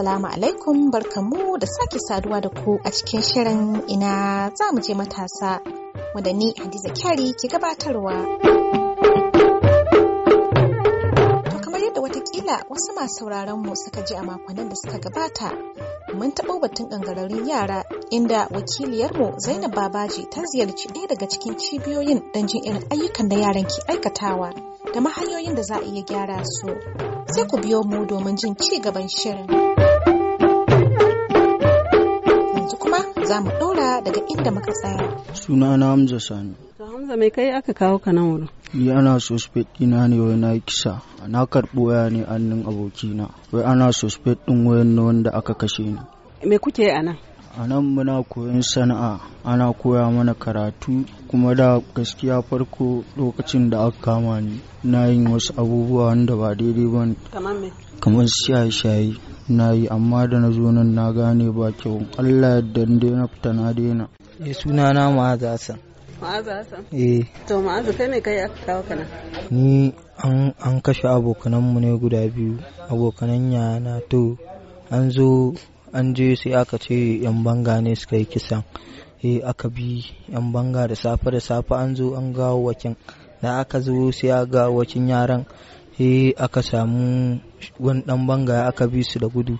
Assalamu alaikum barkamu da sake saduwa da ku a cikin shirin ina za mu je matasa wanda ni Hadiza Kyari ke gabatarwa. To kamar yadda watakila wasu masu sauraron mu suka ji a makonnin da suka gabata mun taɓo batun gangararin yara inda wakiliyarmu Zainab Babaji ta ziyarci ɗaya daga cikin cibiyoyin don jin irin ayyukan da yaran ke aikatawa da mahanyoyin da za a iya gyara su. sai ku biyo mu domin jin ci gaban shirin. za mu ɗora daga inda muka tsaya. Suna na Hamza Sani. To Hamza mai kai aka kawo ka nan Ni ana suspect ɗina ne wai na kisa. Na karɓo waya ne annin abokina. Wai ana suspect ɗin wayan na wanda aka kashe ni. Me kuke a nan? A nan muna koyon sana'a, ana koya mana karatu, kuma da gaskiya farko lokacin da aka kama ni na yin wasu abubuwa wanda ba daidai ba ne. Kamar me? Kamar shaye-shaye. na yi amma da na zo nan na gane ba kyau Allah yadda na daina fita na daina ya eh, suna na ma'aza Hassan ma'aza Hassan eh to ma'aza kai ne kai aka kawo kana ni an an kashe abokananmu ne guda biyu abokanan yana to an zo an je sai aka ce yan banga ne suka yi kisan eh aka bi yan banga da safe da safe an zo an gawo wakin da aka zo sai a ga wakin yaran he aka samu wani dan banga aka bi su da gudu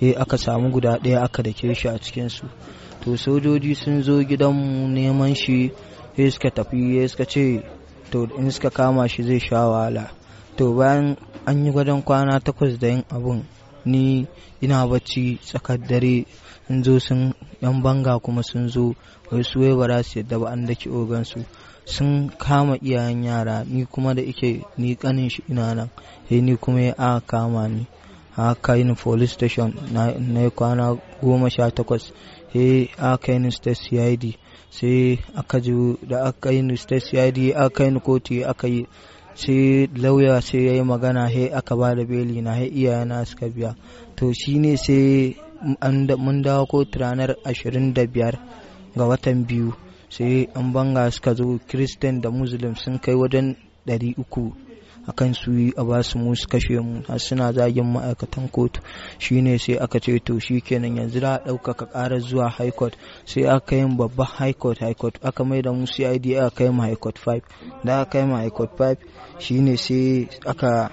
he aka samu guda ɗaya aka dake shi a cikinsu to sojoji sun zo gidanmu neman shi he suka tafi he suka ce to in suka kama shi zai sha wahala to bayan an yi gwajin kwana takwas da yin abun ni ina bacci tsakar dare sun zo sun yan banga kuma sun zo wai su wai ba su yadda ba an daki ogansu sun kama iyayen yara ni kuma da ike ni kanin shi ina nan sai ni kuma ya a kama ni aka yi police station na kwana goma sha takwas sai aka yi state cid sai aka ji da aka yi state cid aka yi koti aka yi sai lauya sai ya yi magana he aka ba da beli na he iyayena suka biya to shine sai mun dawo ko ranar 25 ga watan biyu sai an banga suka zo kiristan da muslim sun kai wajen 300 akan su a ba su musu kashe mu a suna zagin ma'aikatan kotu shine sai aka ce to shikenan yanzu da ɗaukaka ƙarar zuwa high court sai aka yin babban high court high court aka mai da mu CID aka kai mu high court 5 da aka kai mu high court 5 shine sai aka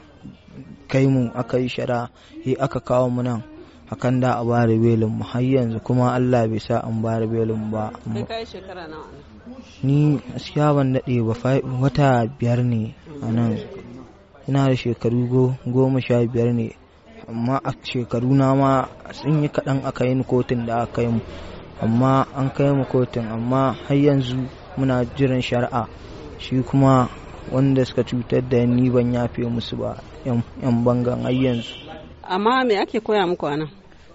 kai mu aka yi shara sai aka kawo mu nan akan da a bare belin mu har yanzu kuma Allah bai sa an bare belin ba kai shekara nawa ni gaskiya ban dade ba wata biyar ne a nan ina da shekaru goma sha biyar ne amma a shekaru na ma sun yi kaɗan aka yi kotun da aka yi mu amma an kai mu kotun amma har yanzu muna jiran shari'a shi kuma wanda suka cutar da ni ban yafe musu ba yan bangan har yanzu amma me ake koya muku a nan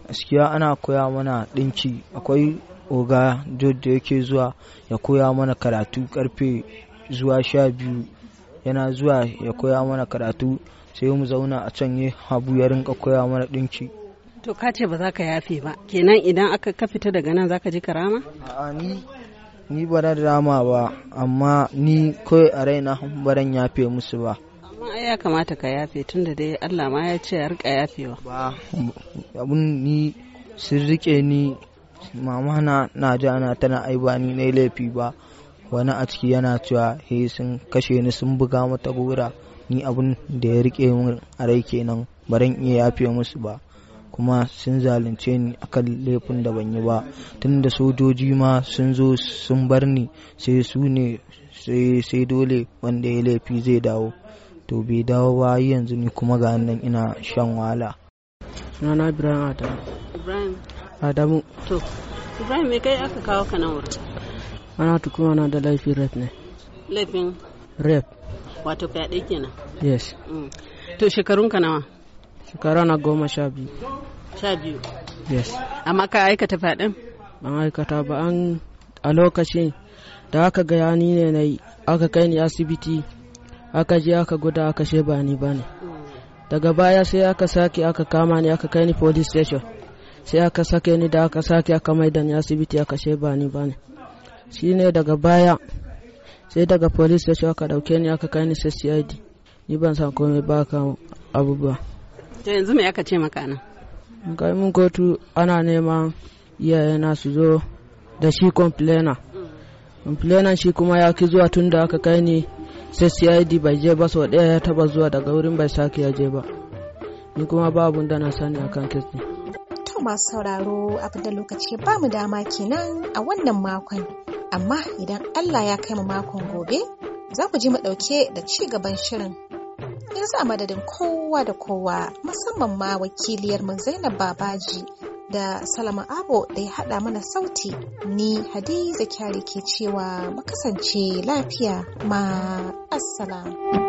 gaskiya ana koya mana ɗinki akwai oga da yake zuwa ya koya mana karatu karfe zuwa sha biyu yana zuwa ya koya mana karatu sai mu zauna a can ya habu ya rinka koya mana dinki To ka ce ba za ka yafe ba kenan idan aka ka fita daga nan za ka ji karama? A'a ni ni ba da rama ba amma ni kai a raina baran yafe musu ba. Amma ai ya kamata ka yafe tunda dai Allah ma ya ce a rika yafewa. Ba abun ni sun rike ni mama na na tana aibani na laifi ba wani a ciki yana cewa he sun kashe ni sun buga mata gora ni abun da ya rike min a rai kenan baran iya yafe musu ba kuma sun zalunce ni akan laifin da ban yi ba tunda sojoji ma sun zo sun bar ni sai su ne sai dole wanda ya laifi zai dawo to bai dawo ba yanzu ni kuma ga nan ina shan wahala sunana ibrahim adamu ibrahim adamu to ibrahim me kai aka kawo ka nan wurin ana tukuma na da laifin rep ne laifin rep wato fyaɗe kenan yes mm. to shekarun ka nawa shekara na goma sha biyu sha biyu yes amma ka aikata fyaɗen An aikata ba an a lokacin da aka gaya ni ne na yi aka kai ni asibiti aka je aka guda aka she ba ni ba ne mm. daga baya sai aka sake aka kama ni aka kai ni police station sai aka sake ni da aka sake aka maida ni asibiti aka she ba ni ba ne Shi ne daga baya sai daga police station aka dauke ni aka kai ni sai CID ni ban san komai ba ka abubuwa to yanzu me aka ce maka nan kai mun kotu ana neman iyayena su zo da shi complainer complainer shi kuma ya ki zuwa tun da aka kai ni sai CID bai je ba sau daya ya taba zuwa daga wurin bai sake ya je ba ni kuma babu da na sani akan kesi. masu sauraro abin da lokaci ba mu dama kenan a wannan makon amma idan Allah ya kai mu makon gobe za ku ji mu ɗauke da ci gaban shirin yanzu a madadin kowa da kowa musamman ma wakiliyar mu Zainab Babaji da Salama Abo da ya haɗa mana sauti ni Hadiza Kyari ke cewa mu kasance lafiya ma assalamu